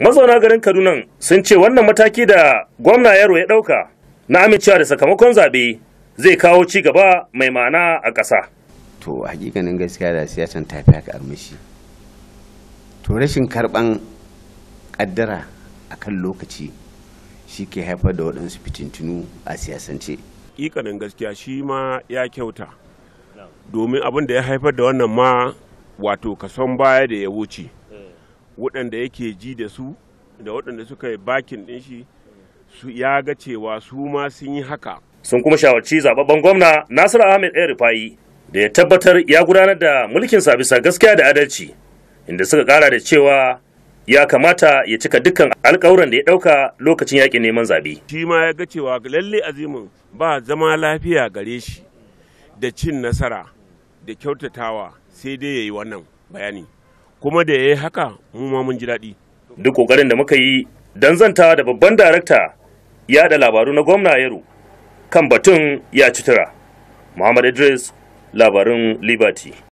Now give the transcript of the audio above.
mazauna garin kaduna sun ce wannan mataki da gwamna yaro ya dauka na amincewa da sakamakon zabe zai kawo ci gaba mai ma'ana a ƙasa to hakikanin gaskiya da siyasan tafi haka armashi to rashin karɓan ƙaddara a kan lokaci shi ke haifar da waɗansu fitintunu a siyasance hakikanin gaskiya shi ma ya kyauta domin abin da ya haifar da wannan ma wato kason baya da ya wuce waɗanda yake ji da su da waɗanda suka yi bakin ɗin shi su ya ga cewa su ma sun yi haka. Sun kuma shawarci zababban gwamna Nasiru Ahmed El Rufai da ya tabbatar ya gudanar da mulkin sa bisa gaskiya da adalci inda suka kara da cewa ya kamata ya cika dukkan alkawuran da ya ɗauka lokacin yaƙin neman zaɓe. Shi ma ya ga cewa lalle azimin ba zama lafiya gare shi da cin nasara da kyautatawa sai dai ya yi wannan bayani. kuma da ya yi haka mu ma mun ji daɗi. Duk ƙoƙarin da muka yi don zanta da babban darakta yaɗa labaru na gwamna Yaro kan batun ya ci Muhammad Idris labarin Liberty.